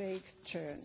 take turn.